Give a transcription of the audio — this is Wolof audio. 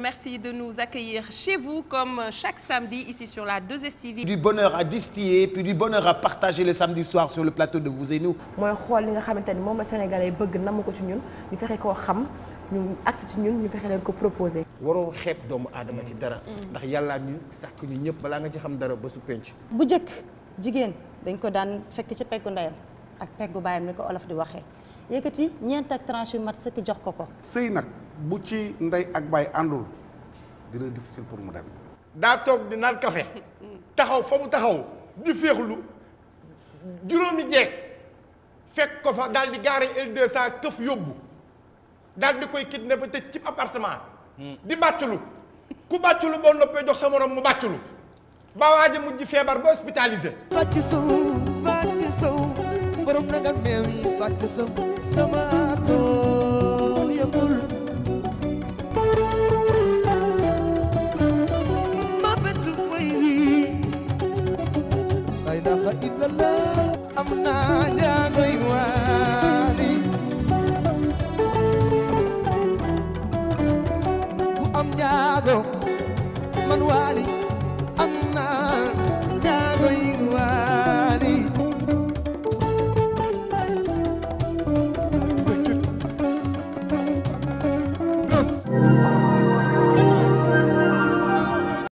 Merci de nous accueillir chez vous comme chaque samedi ici sur la 2STV. Du bonheur à distiller puis du bonheur à partager le samedi soir sur le plateau de Vous et Nous. mooy xool li nga xamante ni moom la Sénégalais bëgg namu ko ci ñun ñu fexe koo xam ñu acte ci ñun ñu fexe leen ko proposé. waroo xeeb doomu aadama ci dara. ndax yàllaa ñu sàkk ñu ñëpp balaa nga ci xam dara ba su bu njëkk jigéen dañ ko daan fekk ci peggu ndeyam ak peggu baayam ni ko olof di waxee. yëkkati ñeent ak tranche yu mat sëkk jox ko ko. sëy nag bu ci ndey ak baay àndul dina difficile pour mu dem. daa toog di naan café taxaw fa mu taxaw di féexlu juróomi jeeg fekk ko fa daal di gaare L200 këf yóbbu daal di koy kit ne kidnappé tëj ci appartement. di bàcculu ku bàcculu boo noppee jox sa moroom mu bàcculu ba waaj a mujj feebar ba hospitalisé. wàcc sam sama too ma bettu way wi la ilaha illallah am naa njaagoy waali ku am njaago man waali